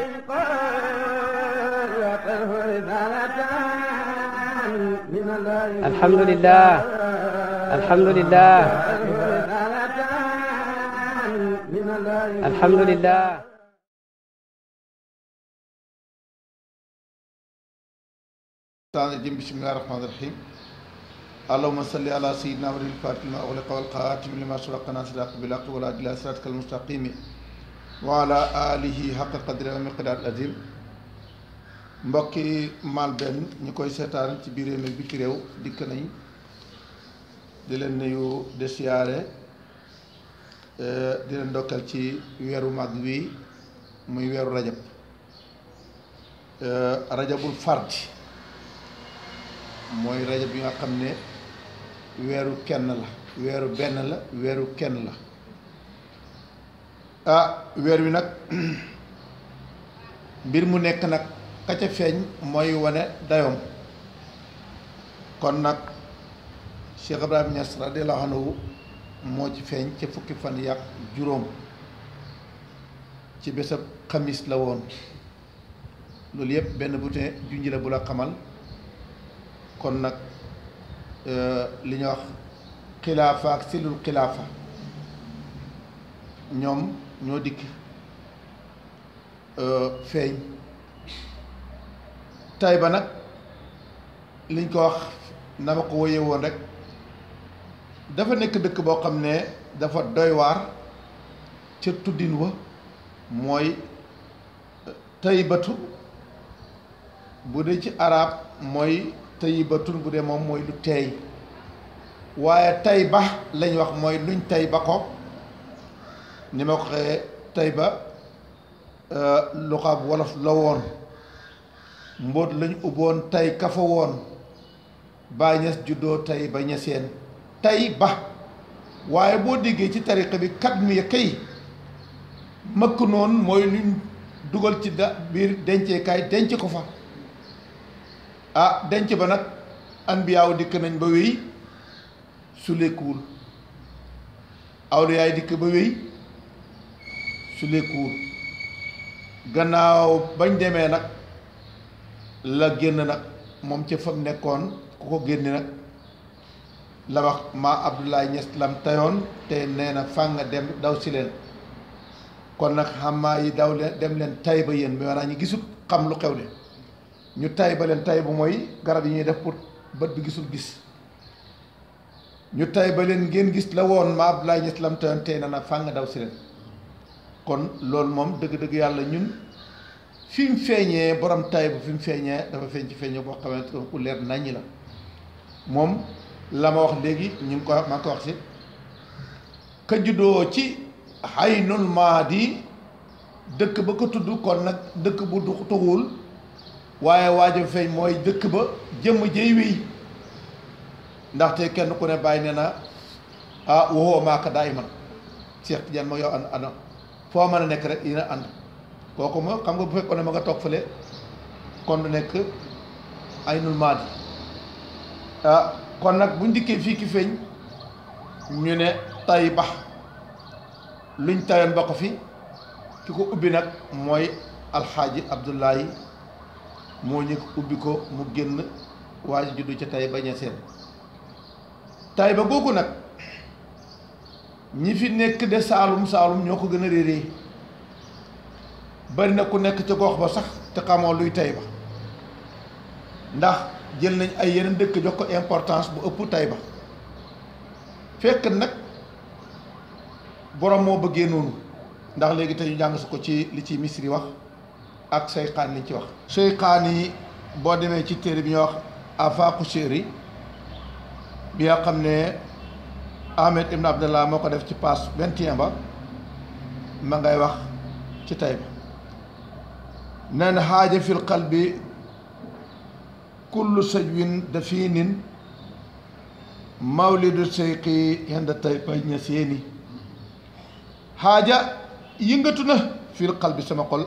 alhamdulilah alhamdulilah alhamdulilah. الشيطان الرجيم بسم الله الرحمن الرحيم اللهم صل على سيدنا ولي الفاتح ما أغلق والخاتم لما سبق ناصر الحق بالحق والهادي إلى صراطك المستقيم wa ala alihi xaqa qadri wa miqdaar azim mbokki Malben ñi koy seetaan ci biir réew bi ci réew dikk nañ di leen nuyu de eh, di leen ndokkal ci weeru mag wi muy weeru rajab eh, rajabul fardi mooy rajab yi nga xam ne weeru kenn la weeru benn la weeru kenn la ah weer wi nag mbir mu nekk nag ka ca feeñ mooy wane dayoom kon nag Cheikh Ibrahim Niass radiyallahu anhu moo ci feeñ ca fukki fan yàq juróom ci bésab xamis la woon loolu yëpp benn butin junj la bu la xamal kon nag eh, li ñuy wax xilaafa ak silul xilaafa ñoom ñoo dikk euh, feeñ tay ba nag liñ ko wax na ma ko woyee woon rek dafa nekk dëkk boo xam ne dafa doy waar ca tuddin wa mooy taybatu bu dee ci arab mooy taybatun bu dee moom mooy lu teey waaye tay ba lañ wax mooy luñ tay ba ko ni ma ko xëyee Tayba euh, lu xaab wolof la woon mbóot lañu ubboon tay kafa woon Baay Ñas juddoo Tayba Ñaseen Tayba waaye boo déggee ci tariqa bi kat mi kay mëkk noon mooy luñ dugal ci da biir denceekaay denc ko fa ah denc ba nag anbiyaaw dikk nañ ba wéy su lekkuwul awliyaay dikk ba wéy su lekkuwut gannaaw bañ demee nag la génn nag moom ca fam nekkoon ku ko génne nag la ma maa Abdoulaye Niass lam tayoon te nee na fàng dem daw si leen kon nag xamaa yi daw leen dem leen tay ba yéen mais maanaam ñu gisul xam lu xew le ñu tay ba leen tay bu mooy garab yi ñuy def pour bët bi gisul gis ñu tay ba leen ngeen gis la woon maa Abdoulaye Niass lam tayoon te nee na fàng daw si leen kon loolu moom dëgg-dëgg yàlla ñun fi feeñee borom tay bu fi mu feeñee dafa feeñ ci feeñee boo xamante ne ku leer naññi la moom la ma wax léegi ñu ngi ko ma ko wax ka juddoo ci xaynul maadi dëkk ba ko tudd kon nag dëkk bu du tuxul waaye waajo feeñ mooy dëkk ba jëmm jëy wiy ndaxte kenn ku ne bàyyi ne na ah waxoo maaka daa iman Cheikh Tidiane ma yow ana foo mën a nekk rek dina ànd kooku moo xam nga bu fekkoon ne ma nga toog fële kon du nekk ay nul maadi ah, kon nag buñ dikkee fii ki feeñ ñu ne tay bax luñ tayoon ba ko fi ki ko ubbi nag mooy alxaaji abdullahi moo ñu ubbi ko mu génn waaye juddu ca tay ba ña seen tay ba googu nag ñi fi nekk de saalum saalum ñoo ko gën a réeree bari na ku nekk ca gox ba sax te xamoo luy Taïba ndax jël nañ ay yeneen dëkk jox ko importance bu ëpp Taïba fekk nag borom moo bëggee noonu ndax léegi te ñu jàng su ko ci li ci misri wax ak seyxaan liñ ci wax seyxaan yi boo demee ci téere bi ñuy wax afaqu chéri bi nga xam ne Ahmed Ibn Abdallah moo ko def ci paas 21 ba ma ngay wax ci tay ba nee na xaaja fil qalbi kullu sajwin dafinin mawlidu seyqi henda tay ba ña seeni xaaja yëngatu na fil qalbi sama xol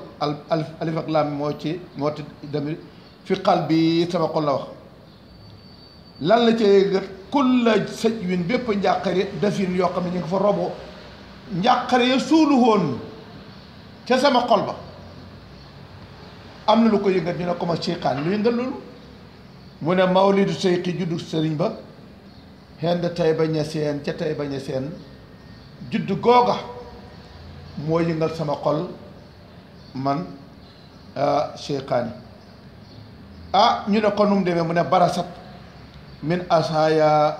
alif ak laam moo ci moo ci demee fi qalbi sama xol la wax lan la ca yëgat la sëj win bépp njàqare dafin yoo xam ne ñu nga fa robo njàqare ya suulu woon ca sama xol ba am na lu ko yëngat ñu ne ko ma seyxaan lu yëngal loolu mu ne mawlidu seyxi juddu sëriñ ba xend tay ba ñeseen ca tay ba ñeseen juddu googa moo yëngal sama xol man seyxaan ah, ah ñu ne ko nu demee mu ne barasat min asaya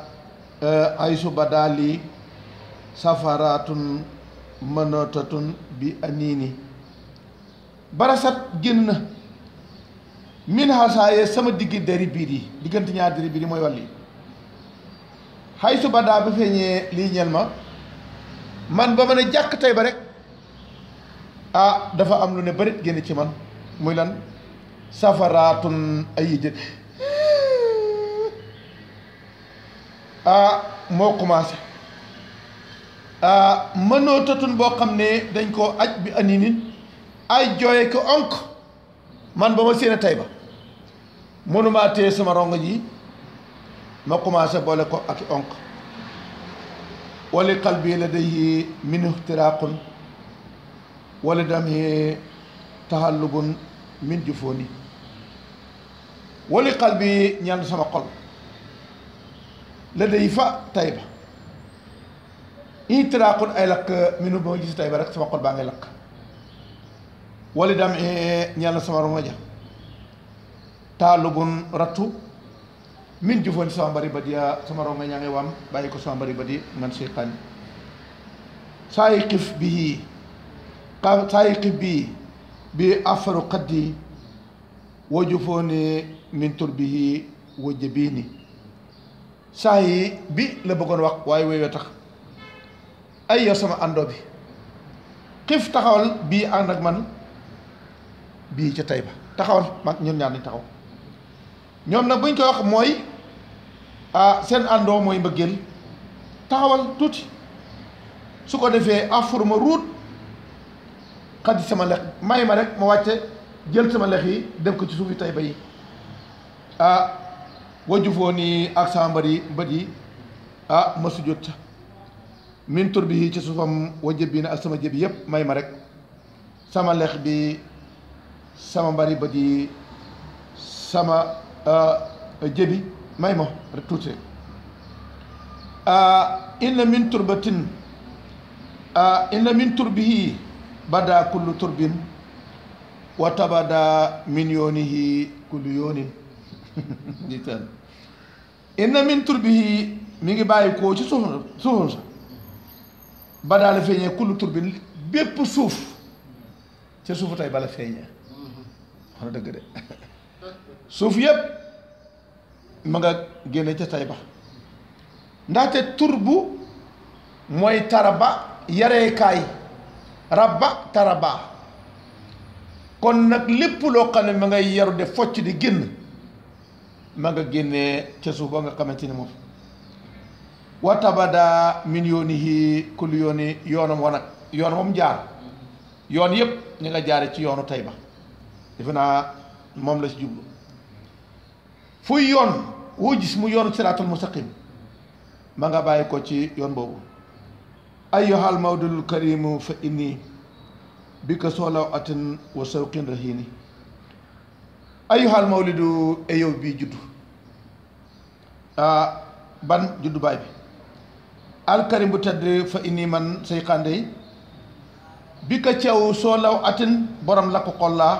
eh, aysu badali safaratun mënotatun bi aniini barasat génn min hasaaye sama digg dari biir yi diggante ñaar dari biir yi mooy walli xay su badaa ba feeñee lii ñel ma man ba mën a jàkk tey ba rek ah dafa am lu ne bërit génn ci man muy lan safaraatun ay yijjët ah moo commencé ah mënoo boo xam ne dañ koo aj bi andi nit ay jooye ko onk man ba ma séen tey ba mënumaa sama rong ji ma commencé boole ko ak onk wali qalbi ladayhi min ihtiraqun wali damhi tahallubun min jufooni wali qalbi ñaan sama xol ladayfa Tayba itiraaqun ay lakk minu ba ma gis Tayba rek sama xol baa ngay lakk wala dam ñeel sama ruma ja taalubun rattu min jufoon sama mbari ba di sama roma ñaa ngi waam bàyyi ko sama mbari ba di man si xañ saa yi xif bii saa yi xif bii bi afaru xaddi wa jufooni min tur bii wa jëbii ni saa yi bi la bëggoon wax waaye wéyoo tax ay yow sama àndoo bi xiif taxawal bii ànd ak man bii ca tey ba taxawal mag ñun ñaar nañ taxaw ñoom nag buñ ko wax mooy seen àndoo mooy mbëggeel taxawal tuuti su ko defee afur ma ruut xaddi sama lex may ma rek ma wàcce jël sama lex yi dem ko ci suufi tey ba yi wajjufoo nii ak saa mbër yi mbët yi ah ma sujjut min tur bi ci suufam wa jëbbi ak sama jëb yëpp may ma rek sama lex bi sama mbari bët sama ah, jëbi may ma rek tuuti rek ah, inna min turbatin ah, inna min bada kullu turbin wa tabada min yoonihi kullu yoonin di teel bi min turbihi ngi bàyyi koo ci suuf suufam sa ba daal feeñee kullu bi bépp suuf ca suufu tey bala feeñee wax suuf yépp ma nga génne ca tey ba ndaxte bu mooy taraba yareekaay rabba taraba kon nag lépp loo xam ne ma ngay yaru de focc di génn ma nga génnee ca ba nga xamante ni moom wa tabada min yoonihi kulli yooni yoonam wa nag yoon moom jaar yoon yëpp ñu nga jaare ci yoonu Tayba defe naa moom la si jublu fuy yoon woo gis mu yoonu siraatul mustaqim ma nga bàyyi ko ci yoon boobu ayyuhal mawdul karimu fa inni bi ka soolaw atin wa sawqin rahini ayyuhal mawlidu e yow juddu ah, ban juddu baay bi alkarim bu tedd fa inni man say xànde yi bi ka ceew soo law atin borom lakk xollaa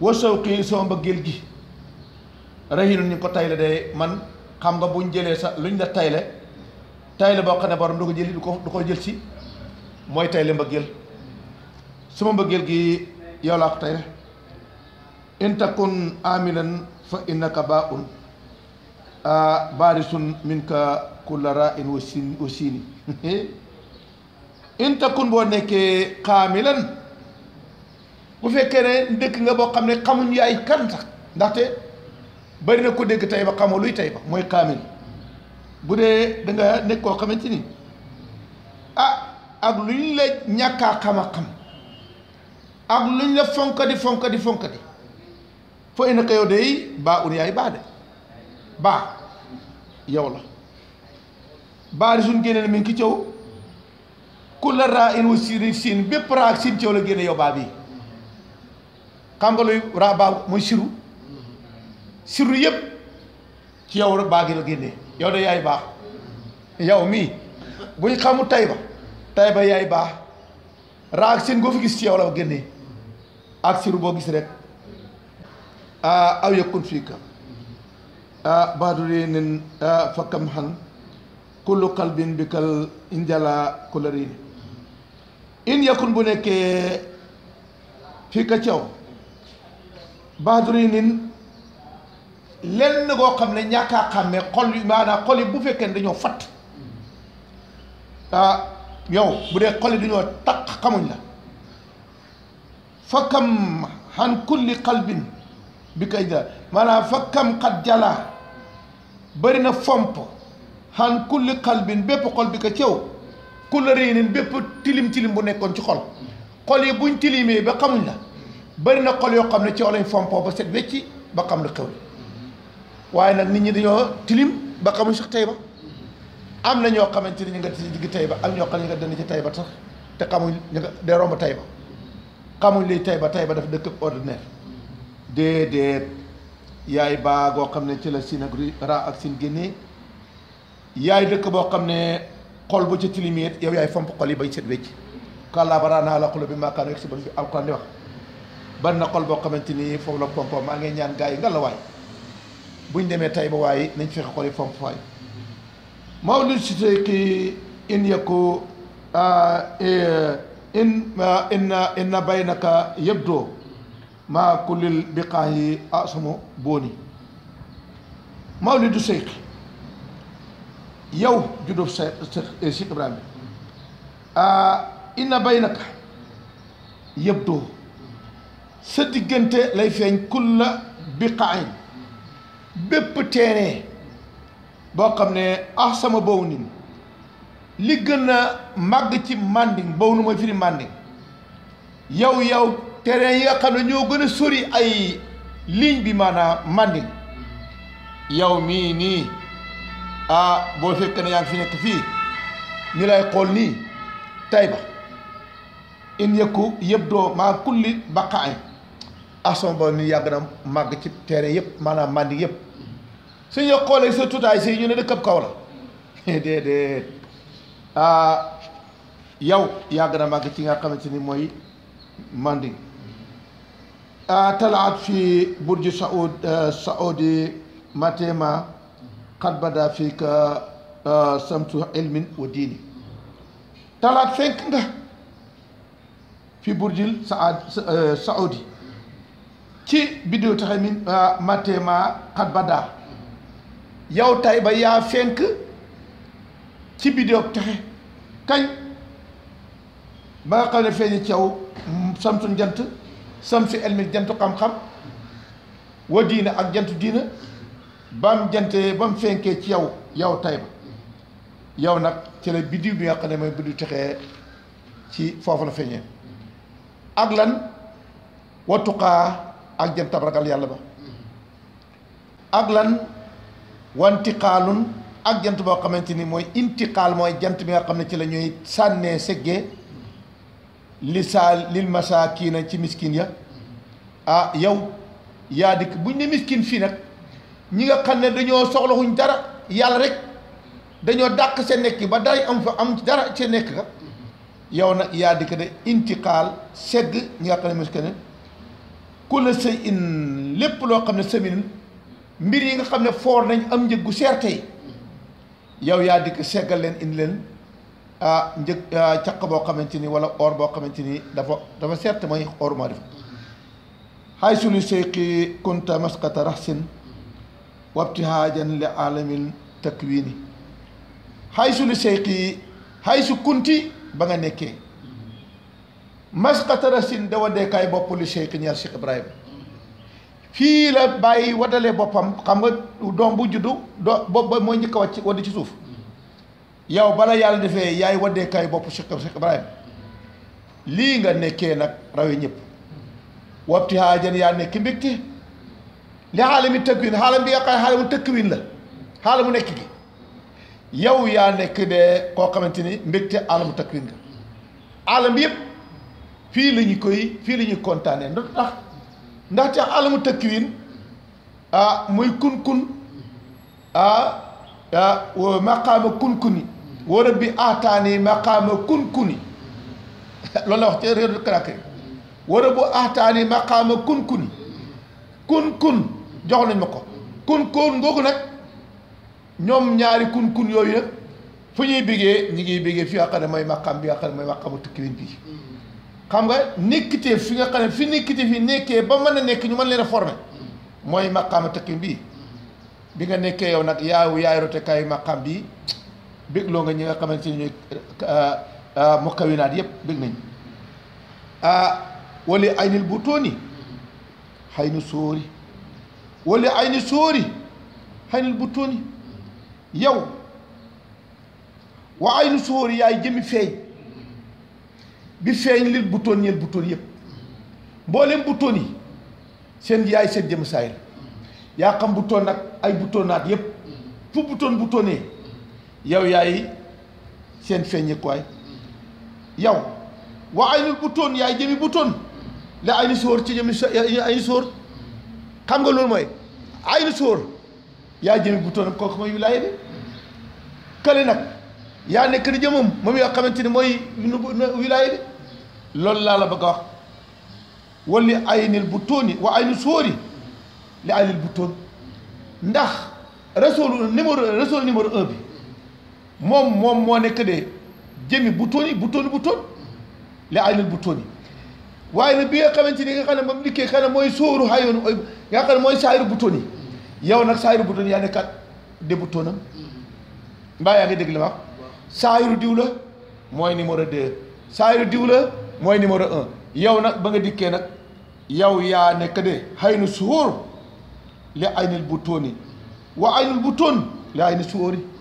wa sawqi soo mbëggeel gi rëyinu ñu ko tayle de man xam nga buñ jëlee sa luñ la tayle tayle boo xam ne borom du ko jëli du ko du ko jël si mooy tayle mbëggeel suma mbëggeel gi yow laa ko tayle in takun amilan fa innaka baaun baarisun minka kulla rain wa sin wa siini boo nekkee xaamilan bu fekkee ne ndëkk nga boo xam ne xamuñ yaay kar sax ndaxte bari na ko dégg tey ba xamoo luy tey mooy xaamil bu dee danga nga nekk koo xamante ni ah ak luñ la ñàkkaa xam a xam ak luñ la fonka di fonka di fonka di fo ina kayo dey ba un yaay baa de baa yow la baa di suñ génne na mi ngi ki cëw ku la raa in wu siin siin bépp raa ak siin cëw la génne yow yëpp ci yow rek baa gi yow de yaay baax yow mii buñ xamu tay ba tay ba yaay baax raa ak siin goo fi gis ci yow la génne ak siru boo gis rek أو يكون فيك بادرين فكم حن كل قلب بك إنجلا كل رين إن يكون بنك فيك تشاو بادرين lenn goo xam ne ñàkk a xàmmee xol yi maanaam xol yi bu fekkee ne dañoo fatt ah yow bu dee xol dañoo takk xamuñ la fa kam han kulli qalbin bi kay da maanaam fa kam xat jalaa bëri na fomp xan kulli xalbin bépp xol bi ko cëw kulla réynin bépp tilim tilim bu nekkoon ci xol xol yi buñ tilimee ba xamuñ la bëri na xol yoo xam ne cëw lañ fompoo ba set wecci ba xam la xew li waaye nag nit ñi dañoo tilim ba xamuñ sax tey ba am na ñoo xamante ni ñu nga ci digg tey ba am ñoo xam ne ñu nga dënd ci tey ba te xamuñ ñu nga day romb tey ba xamuñ liy tey ba tey ba dafa dëkk ordinaire déedéet yaay baa goo xam ne ci la sin ak ra ak sin génnee yaay dëkk boo xam ne xol bu ci tilimiet yow yaay fomp xol yi bay set wecc kàllaa la xulu bi maakaano yeg si ban bi alquran di wax ban na xol boo xamante ni foofu la pompo maa ngi ñaan gars yi nga la waay buñ demee tay ba waaye nañ fexe xol yi fomp waay mawlid si teyki in yëkku ah, eh, in ah, in na baynaka yëbdoo maa kullil biqaa yi asumo booni mawlidu Cheikh yow juddub Cheikh Cheikh Ibrahima ah, inna baynaka yëpp doo sa diggante lay feeñ kulla biqaayin bépp teenee boo xam ne ah sama bow nin li gën a màgg ci mànding bow nu mooy firi mànding yow yow terrain yi nga xam ne ñoo gën a sori ay ligne bi maanaam Manding yow mii nii ah boo fekkee ne yaa fi nekk fii ñu lay xool nii Tayba in yëkku yëpp doo maa kulli baqaay asom ba ni yàgg na màgg ci terrain yëpp maanaam Manding yëpp suñ la xoolee sa tutaay si ñu ne dëkkab kaw la déedéet ah yow yàgg na màgg ci nga xamante ni mooy Manding تلعب في برج سعود السعودي متى قد بدا فيك سمت علم ودين تلعب فيك في برج السعودي ci biddiw taxe min eh, matema xat bada yow tay ba yaa fenk ci biddiw taxe kañ ba nga xam ne feeñi caw mm, samsun jant samsi elmi jantu xam-xam wa diina ak jant diina bam jantee ba mu fenkee ci yow yow Tayba yow nag ci la biddiw bi nga xam ne mooy biddiw texee ci foofu la feeñee ak lan wa tuqaa ak jant tabragal yàlla ba ak lan wantiqaalun ak jant boo xamante ni mooy intiqaal mooy jant bi nga xam ne ci la ñuy sànnee seggee li saa lil masaakiina ci miskin ya ah yow yaa dikk buñ ne miskin fii nag ñi nga xam ne dañoo soxlaxuñ dara yàlla rek dañoo dàq seen nekk ba day am fa am dara seen nekk ka yow nag yaa dikk de intiqaal segg ñi nga xam ne miskin ku la sëy in lépp loo xam ne semin mbir yi nga xam ne foor nañ am njëg gu seer tey yow yaa dikk seggal leen indi leen njëg caq boo xamante ni wala or boo xamante ni dafa dafa sert mooy or moo def xay sulu seyqi kunta maskata raxsin wabtihaajan li alamin takwini xay sulu seyqi xay su kunti ba nga nekkee maskata raxsin da wadeekaay bopp lu seyqi ñaar Cheikh Ibrahima fii la bàyyi wadale boppam xam nga doom bu juddu doo bopp ba mooy njëkk a wàcc wadd ci suuf yow bala yàlla defee yaay waddeekaay bopp Cheikh Cheikh Ibrahima lii nga nekkee nag rawe ñëpp wabti haajan yaa nekk mbégte li xaala mi tëkk win xaala bi nga xam xaala la xaala mu nekk gi yow yaa nekk de koo xamante ni mbégte aalamu tëkk win nga aalam bi yëpp fii la koy fii la ñuy kontaanee ndax ndaxte aalamu tëkk win ah muy kun kun ah ah kun kuni wa rabbi ahtaani maqaama kunkuni loolu la wax ci réeru Conakry wa rabbu ahtaani maqaama kunkuni kunkun jox nañ ma ko kunkun googu nag ñoom ñaari kunkun yooyu nag fu ñuy bigee ñi ngi bigee fi nga xam ne mooy maqaam bi nga mooy maqaamu tukkiwin bii xam nga nekkiteef fi nga xam ne fi nekkiteef yi nekkee ba mën na nekk ñu mën leen a formé mooy maqaamu tukkiwin bii bi nga nekkee yow nag yaawu yaay rotekaayu maqaam bii bégloo nga ñi nga xamante ne ñooy ah, ah, mukawinaat yëpp bég nañ ah wali aynil bu tóoni xay nu sóori wali ayni sóori xay nil bu tóoni yow wa aynu sóori yaay jëmi feeñ bi feeñ lil bu tóon ñeel bu tóon yëpp mboolem bu tóon seen yaay seen jëm saayir yaa xam bu tóon nag ay bu tóonaat yëpp fu bu tóon yow yaay seen feeñikuwaay yow wa aynul butoon yaay jëmi butoon la aynu sóor ci jëmi aynu sóor xam nga loolu mooy aynu sóor yaa jëmi butoon ko mooy wilaaya bi kële nag yaa nekk di jëmam moom yoo xamante ni mooy wilaaya bi loolu laa la bëgg a wax wali aynil butooni wa aynu sóori li aynil butoon ndax rasoolu numéro rasoolu numéro un bi moom moom moo nekk de jëmi butoon yi butoon butoon li ay lal butoon yi waaye nag bi nga xamante ni nga xam ne moom liggéey xam mooy sóoru xayoon nga xam ne mooy saayiru butoon yi yow nag saayiru bu yaa nekkat de butoonam mbaa yaa ngi dégg li wax saayiru diw la mooy mooy numéro yow nag ba nga dikkee nag yow yaa nekk de xëy na suur li bu butoon yi wa aynul butoon li ay na yi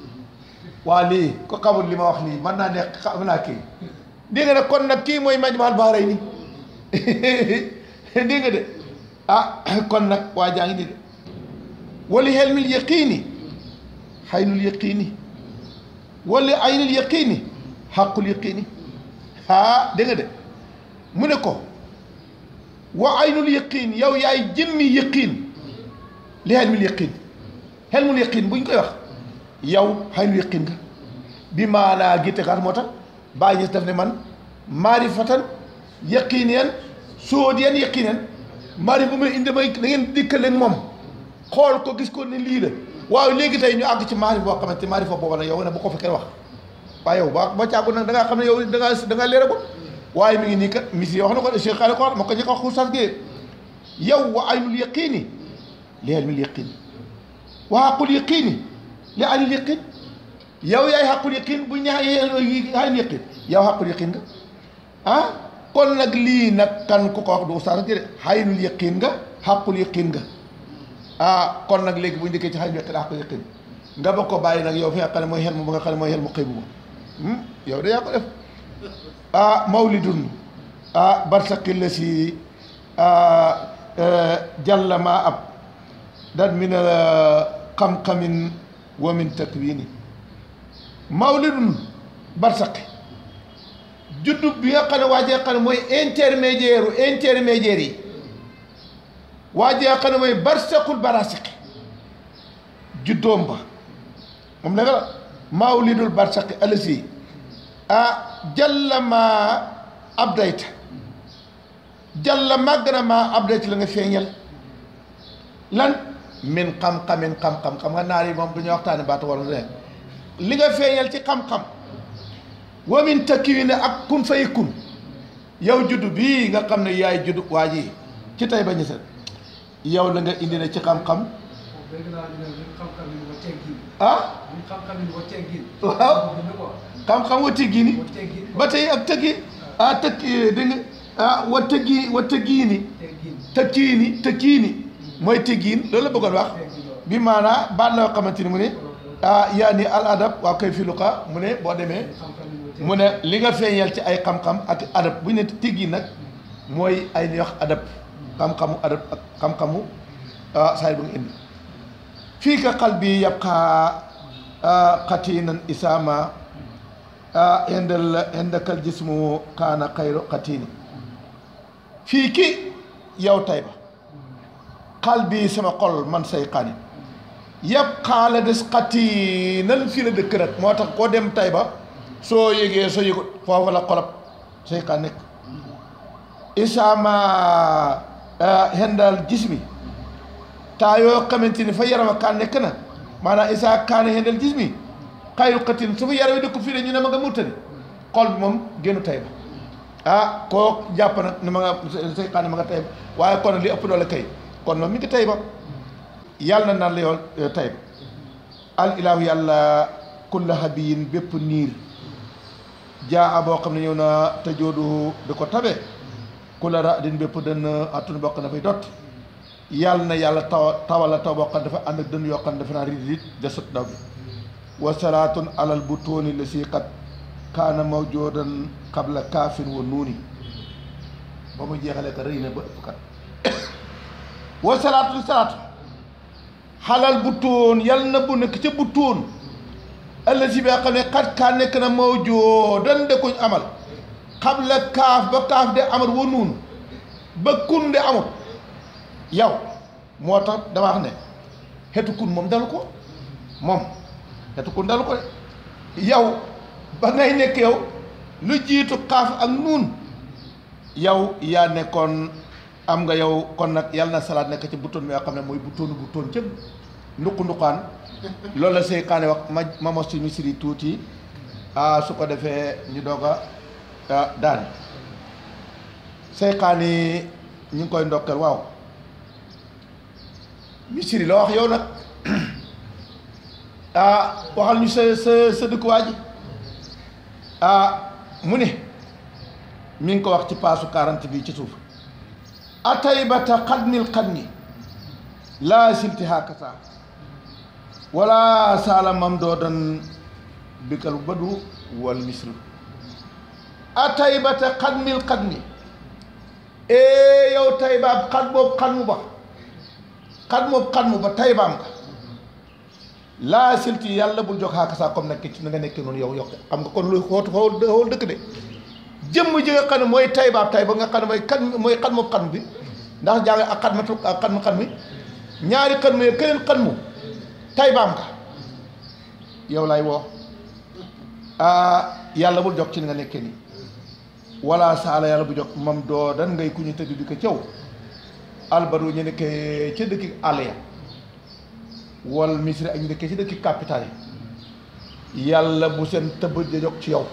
waa lii ko xamul li ma wax lii mën naa ne xam naa kii dégg nga nag kon nag kii mooy majmaal baaray ni dégg nga de ah kon nag waa jaa ngi ni de wali xelmil yaqiini ah, ne ko wa aynul yaqiin yow yaay jëmmi yaqiin li xelmil yaqiin xelmul buñ koy wax yow xëy na yëqin nga bi maanaa gitte kaat moo tax bàyyi gis def ne man maarifatan yëqiin yan sóod yan yëqiin yan maarif bu may indi may da ngeen dikk leen moom xool ko gis ko ne lii la waaw léegi tey ñu àgg ci maarif boo xamante maarif boobu nag yow nag bu ko fa kenn wax waaye yow ba ba càggu nag da xam ne yow da ngaa da ngaa leer a waaye mi ngi nii kat misi wax na ko Cheikh Xaali ko ma ko ñu ko xusaas gee yow wa aynul yaqiini li ilmil yaqiin wa aqul yaa anil yaqin yow yaay xaqul yaqin bu ñaa anil yaqin yow xaqul yaqin nga ah nag lii nag kan ku ko wax du ustaas jëre xaynul yaqin nga xaqul yaqin nga ah kon nag léegi bu ñu dëkkee ci xaynul a xaqul yaqin nga ba ko bàyyi nag yow fi nga xam ne mooy xel mu ba bu ma hmm? yow da yaa ko def ah, mawlidun ah la si jàll maa ab dat mi xam-xamin eh, wa min takwini mawlidun barsaqi juddu bi nga xam ne nga xam ne mooy intermédiaire intermédiaire yi waa ji nga xam ne mooy barsaqul barasaqi juddoom ba moom la nga mawlidul barsaqi alasi ah jalla maa abdayta jalla màgg maa abdayta la nga feeñal lan min xam-xamin xam-xam nga naar yi moom du ñu waxtaanee baatu wolof ne li nga feeñal ci xam-xam wa min takkiwi ak kun fay kun yow juddu bii nga xam ne yaay juddu waa ji ci tey ba ñu set yow la nga indi ne ci xam-xam. ah. waaw xam-xam wa teggini ba tey ak tëggi ah tëgg dégg ah, wa tëggi wa tëggiini tëggiini tëggiini mooy teggiin loolu la bëggoon wax bi maana ba la xamante ni mu ne ah al adab waa koy filuqa mu ne boo demee mu ne li nga feeñal ci ay xam-xam ak adab bu ñu ne teggiin nag mooy ay li wax adab xam-xamu adab ak xam-xamu saay bu nga indi fii bi yàpp xaa xatiinan isaama kaana xayru xatiini fii ki yow tay ba xaal bii sama xol man say xaani yëpp xaala des xati nan fii la dëkk nag moo tax koo dem tay ba soo yëgee soo yëgut foofu la xolab say xaan nekk isaama euh, hendal gis mi taa yoo xamante ni fa yarama kaan nekk na maanaam isaa kaane hendal gis mi xayru xatin su fa yaram dëkku fii la ñu ne ma nga murtani xol bi moom génnu tay ba ah koo jàpp nag ne ma nga say xaan ma nga tay ba waaye kon li ëpp doole kay kon moom mi ngi Tayba yàlla na naan la yool euh, Tayba al ilaahu yàlla kulla habiyin bépp niir jaa boo xam ne ñëw na te joodu di ko tabe kulla raadin bépp dënn atun bokk na fay dot yàlla na yàlla taw tawala taw boo xam dafa ànd ak dënn yoo xam ne dafa naa rit rit de sut daw bi wa salaatun alal bu tóoni la si xat kaana mawjoodan qabla kaafin wa nuuni ba mu jeexalee ko rëy na ba ëpp kat wa salaatu salaatu xalal bu tóon yàlla na bu nekk ca bu tóon ëllëg bi nga xam xat kaa nekk na moo joo dan de amal xam la kaaf ba kaaf de amal wa nuun ba kun de amul yow moo tax dama ne xetu kun moom dalu ko moom xetu kun dalu ko de yow ba ngay nekk lu jiitu xaaf ak nuun yow yaa nekkoon am nga yow kon nag yàlla na salaat nekk ci buttoon bi nga xam ne mooy buttoonu buttoon cëg nduqu nduqaan loolu la seykaane wax ma ma mos ci misiri tuuti a ah su ko defee ñu doog a ah, daani seykaane ñu ngi koy ndokkeel waaw misiri la wax yow nag ah waxal ñu sa sa sa dëkkuwaay ji ah, mu ne mi ngi ko wax ci paasu 40 bi ci suuf ataybata qadnil qadni laa silti hakata wala sala mamdoodan bikal ba wal misru ataybata qadnil qadni e yow taybaab qad boobu qadmu ba qad boobu ba taybaam ka laa silti yàlla bul jox hakasa comme nekk ci na nga nekke noonu yow yow xam nga kon lu xoot xool dëkk de jëmm ji nga xam ne mooy taybaab tay ba nga xam ne mooy kan mooy xan mu xan bi ndax jàng ak xan matu ak xan mu xan mi ñaari xan mu ye keneen xan mu taybaam nga yow lay woo ah yàlla bul jog ci li nga nekkee nii wala saala yàlla bu jog moom doo dan ngay ku ñu tëdd di ko caw albaru ñu nekkee ca dëkki àll ya wal misri ak ñu nekkee ci dëkki capital yi yàlla bu seen tëbb di jog ci yow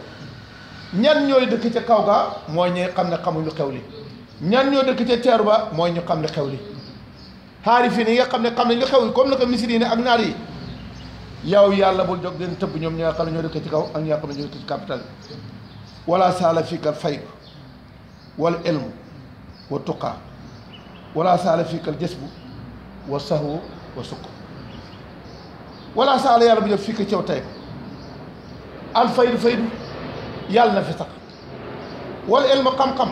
ñan ñooy dëkk ca kaw ga mooy ñi xam ne xamuñu xew li ñan ñoo dëkk ca ceeru ba mooy ñu xam ne xew li xaari fii ni nga xam ne xam ne ñu xew comme na ko misri ne ak naar yi yow yàlla bul jóg leen tëbb ñoom ñi nga xam ne ñoo dëkk ci kaw ak ñi nga xam ne ñoo dëkk ci capital wala saala fiikal fayb wal ilmu wa tuqaa wala saala fiikal jësbu wa sahu wa sukk wala saala yàlla bu jóg fii ka cew tey al faydu faydu yàlla na fi sax wala elma xam-xam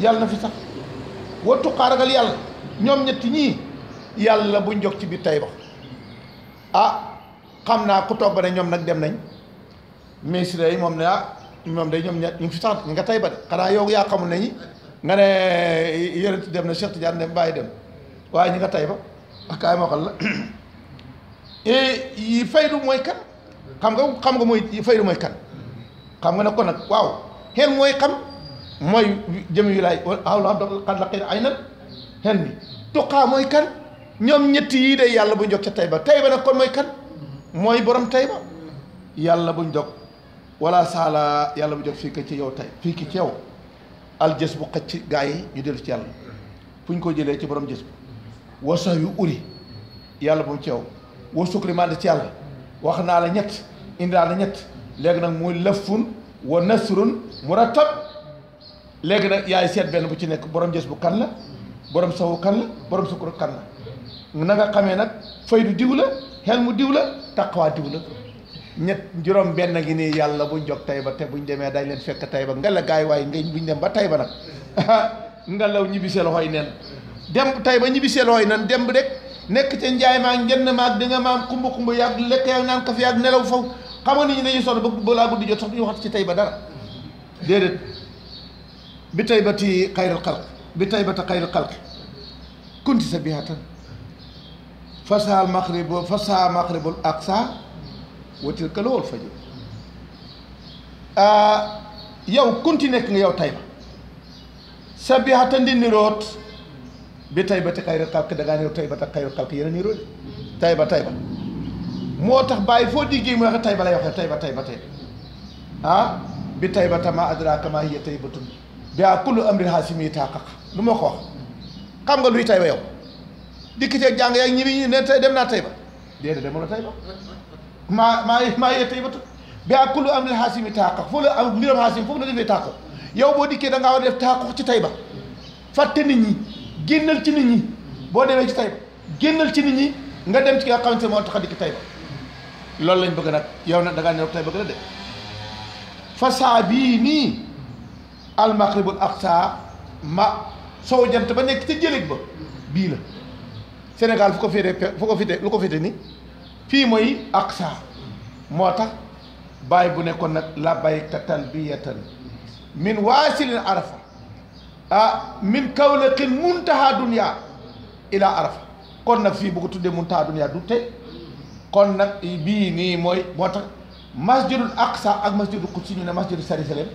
yàlla na fi sax wa tuqaa ragal yàlla ñoom ñett ñii yàlla buñ jóg ci biir tay ba ah xam naa ku toog ba ne ñoom nag dem nañ ministre yi moom ne ah moom day ñoom ñett ñu fi sax ñu nga tay ba de xanaa yow yaa xamu ne ñi nga ne yonent dem na Cheikh Tidiane dem bàyyi dem waaye ñi nga tay ba ak kaay ma waxal la eh, yi faydu mooy kan xam nga xam nga mooy faydu mooy kan xam nga ne kon nag waaw xel mooy xam mooy jëm yu laay awla la xëy na ay na xel bi mooy kan ñoom ñetti yii day yàlla buñ jog ca tayba tayba nag kon mooy kan mooy borom tayba yàlla buñ jog wala saala yàlla bu jog fii ki ci yow tay fii ki ci al jës bu xëcc gaa yi ñu dellu ci yàlla fu ñu ko jëlee ci borom jës bu wasax yu uri yàlla bu mu ci yow wasukli ci yàlla wax naa la ñett indi naa la ñett léegi nag muy lëffun wa nasrun murattab léegi nag yaay seet benn bu ci nekk boroom jës bu kan la borom sawu kan la borom sukkur kan la na nga xamee nag faydu diw la xel mu diw la taqwaa diw la ñett juróom benn ngi nii yàlla buñ jog ba te buñ demee dañ leen fekk Tayba ngela gaay waaye ngay buñ dem ba ba nag ngelaw ñibbi seen xooy nen dem Tayba ñibbi seen xooy nan dem rek nekk ca njaay maa ngenn maa maag di nga maam kumba kumba yàgg lekk yaa naan kafe yàgg nelaw faw xam nga nit ñi dañuy sonn ba ba laa guddi jot sax du ñu waxat ci Tayba dara déedéet bi Taybati xayril xalq bi Taybata xayril xalq kunti sa bihaatan fasaa maxribu fasaa maxribul aqsa wa tilka lawal fajr ah, yow kunti nekk nga yow Tayba sa bihaatan di niroot bi Taybati xayril xalq da ngaa ne Taybata a niroot Tayba Tayba moo tax bàyyi foo déggee mu wax tay ba lay waxee tay ba tay ba tay ah bi tay ba tama adraka ma hiya tay ba tun bia kullu amrin lu ma ko wax xam nga luy tay ba ñi bi ne tey dem naa tay ba déedéet dama la tay ba maa maa maa hiya tay ba tun bia kullu amrin haasimi taaqaq foofu la am mbiram haasim foofu la defee taaqu yow boo dikkee da ngaa war def taaqu ci tay ba fàtte nit ñi génnal ci nit ñi boo demee ci tay génnal ci nit ñi nga dem ci nga xamante moo tax a dikk tay loolu lañ bëgg nag yow nag da ngaa ñëw tey bëgg la de fasaa bii nii almaqribul aqsa ma sow jant ba nekk ci jëlig ba bii la Sénégal fu ko féete fu ko féete lu ko féete ni fii mooy aqsa moo tax bàyyi bu nekkoon nag labayka talbiyatan min waasilin arafa ah min kawlakin muntaha dunya ila arafa kon nag fii bu tuddee muntaha dunya du tey kon nag bii nii mooy moo tax masjidul aqsa ak masjidul qudsi ñu ne masjidul Jérusalem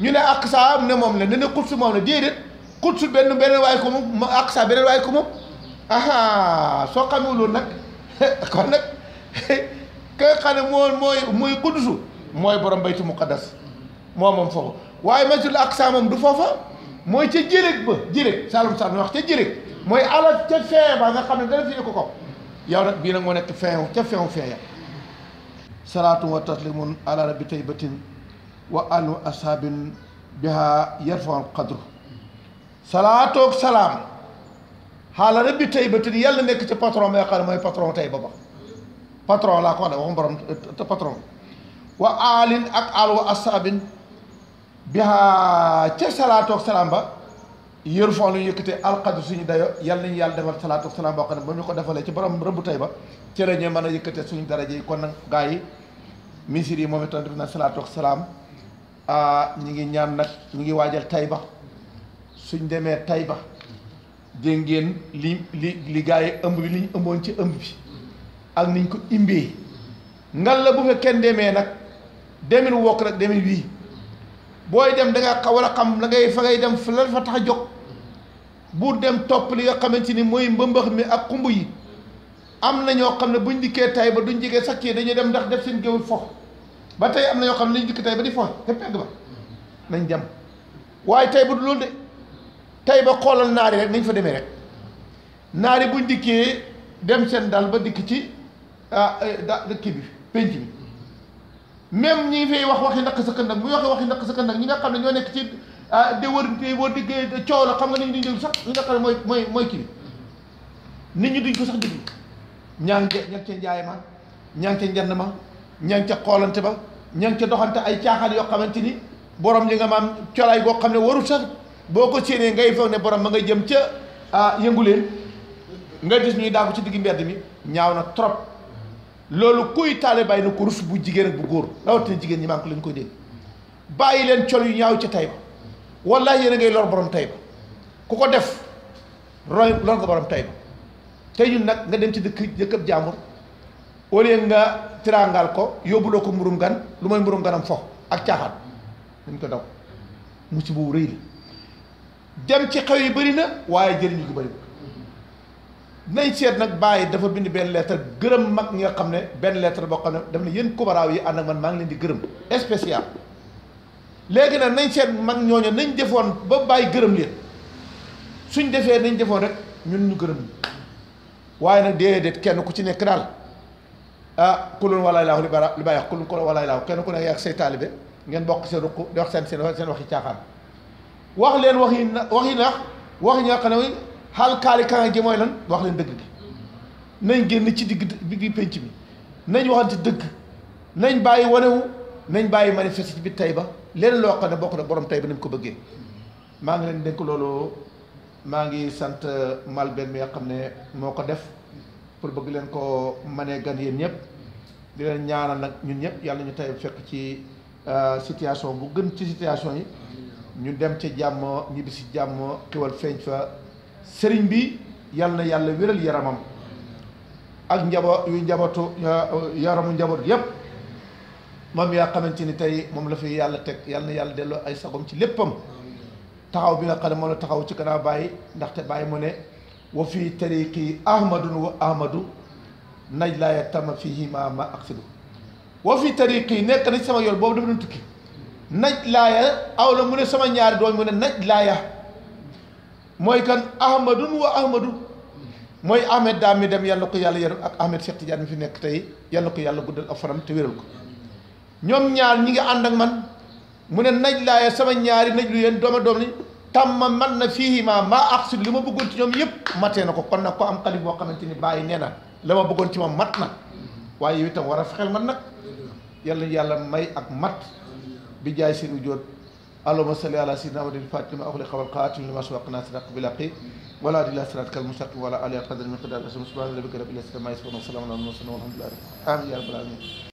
ñu ne aqsa ne moom la ne ne qudsi moom la déedéet qudsi benn beneen waaye ko moom aksa beneen waaye ko moom soo xamee loolu nag kon nag ka nga xam ne mooy mooy mooy qudsu mooy borom baytu muqaddas moom moom foofu waaye masjidul aqsa moom du foofa mooy ca jërég ba jërég salum salum wax ca jërég mooy alal ca fee ba nga xam ne dana fi ko ko yow nag bii nag moo nekk feew ca feew feeya salaatu wa taslimun ala rabbi taybatin wa alu asabin biha yarfaul qadru salaatoog salaam xaala rabbi taybatin yàlla nekk ci patron may xam ne mooy patron tay ba ba patron laa ko wax ne waxum borom patron wa alin ak al wa asabin biha ca salaatoog salaam ba yër fon lu ñu yëkkatee alxadr suñu dayo yal nañu yàlla defal salaatu salaam boo xam ne ba ñu ko defalee ci borom rëbb tey ba ci la ñu mën a yëkkatee suñu daraje yi kon nag gars yi misir yi moom itam def na salaatu salaam ah, ñi ngi ñaan nag ñi ngi waajal tay ba suñ demee tay ba dégg li li li yi ëmb bi li ñu ëmboon ci ëmb bi ak niñ ko imbee ngal la bu nga kenn demee nag demin wokk rek demin wii booy dem da nga war a xam la ngay fa ngay dem fa la fa tax a jóg buur dem topp li nga xamante ni mooy mbëmbax mi ak xumb yi am na ñoo xam ne buñ dikkee tay ba duñ jege sax kii dañuy dem ndax def seen géwul fox ba tey am na ñoo xam ne dañu dikk tay ba di fox te pegg nañ dem waaye tay loolu de tay ba xoolal naari rek fa demee rek naari buñ dikkee dem ba dikk ci ah eh, da kii bi penc bi même ñi ñi nga xam ne ñoo nekk ci ah di wër di wër di coow la xam nga nit ñi duñ déglu mooy mooy mooy kii nit ñi duñ ko sax déglu ñaa ngi ña ngi ma ñaa xoolante ba ñaa doxante ay caaxaan yoo xamante ni borom li nga maam colaay boo xam ne warul sax boo ko séenee ngay foog ne borom ngay jëm ca ah yëngu leen nga gis ñuy daagu ci digg mbedd mi ñaaw na trop loolu kuy taale bàyyi na ko bu jigéen ak góor rawatina jigéen ñi maa ngi ko leen bàyyi leen col yu ñaaw ca tey ba wallaay yéen a ngay lor borom Taïba ku ko def roy lor nga borom Taïba tey ñun nag nga dem ci dëkk dëkkab jàmbur au lieu nga tiraangaal ko yóbbuloo ko mburum gan lu mooy mburum ganam fo ak caaxaan dañ ko daw musiba bu rëy la dem ci xew yi bëri na waaye jëriñu gi bëri nañ seet nag bàyyi dafa bind benn lettre gërëm mag ñi nga xam ne benn lettre boo xam ne daf ne yéen kubaraaw yi ànd ak man maa ngi leen di gërëm spécial léegi nag nañ seet mag ñooñu nañ defoon ba bàyyi gërëm leen suñ defee nañ defoon rek ñun ñu gërëm waaye nag déedéet kenn ku ci nekk daal ah kulun walaay laahu li bara li bàyyi wax kulun kulun walaay laahu kenn ku nekk ak say taalibe ngeen bokk seen ruq di wax seen seen seen waxi caaxaan wax leen wax yi na wax yi nax wax ñoo xam ne xaal kaali kan gi mooy lan wax leen dëgg gi nañ génn ci digg digg pénc bi nañ waxante dëgg nañ bàyyi wanewu nañ bàyyi manifeste ci biir tey ba leen loo xam ne bokk na borom tey bi ni mu ko bëggee maa ngi leen dénk loolu maa ngi sant euh, Malben bi nga xam ne moo ko def pour bëgg leen ko manee gan yéen ñëpp di leen ñaanal nag ñun ñëpp yàlla ñu tey fekk ci euh, situation bu gën ci situation yi ñu dem ci jàmm ñibbi si jàmm xiwal feeñ fa sëriñ bi yàlla na yàlla wéral yaramam ak njaboot yu njabootu yaramu njaboot yëpp moom yaa xamante ni tey moom la fi yàlla teg yàlla yàlla delloo ay sagom ci léppam taxaw bi nga xam ne moom la taxaw ci kanam bàyyi ndaxte bàyyi mu ne wa fii tariqi ahmadun wa ahmadu naj laa yattama fihima ma aqsidu wa fii tariqi nekk na sama yoon boobu dafa doon tukki naj laaya aw la mu ne sama ñaari doom mu ne naj laaya mooy kan ahmadun wa ahmadu mooy ahmed daa mi dem yàlla ko yàlla yaram ak ahmed Cheikh Tidiane mi fi nekk tey yàlla ko yàlla guddal ak fanam te wéral ko ñoom ñaar ñi ngi ànd ak man mu ne naj laaya sama ñaari naj lu yéen dooma doom li tamma man na fiihima maa axsid li ma bëggoon ci ñoom yëpp matee na ko kon na ko am xalib boo xamante ni bàyyi nee na la ma bëggoon ci moom mat na waaye yow itam war a fexeel man nag yàlla yàlla may ak mat bi jaay seen ujoot allahumma salli ala sayyidina Muhammadin al-faatihi limaa ughliqa wal xaatimi limaa sabaqa naasiril haqqi bil haqqi wal haadii ilaa siraatikal mustaqiim wa alaa aalihi haqqa qadrihi wa miqdaarihi al-aziim subhaana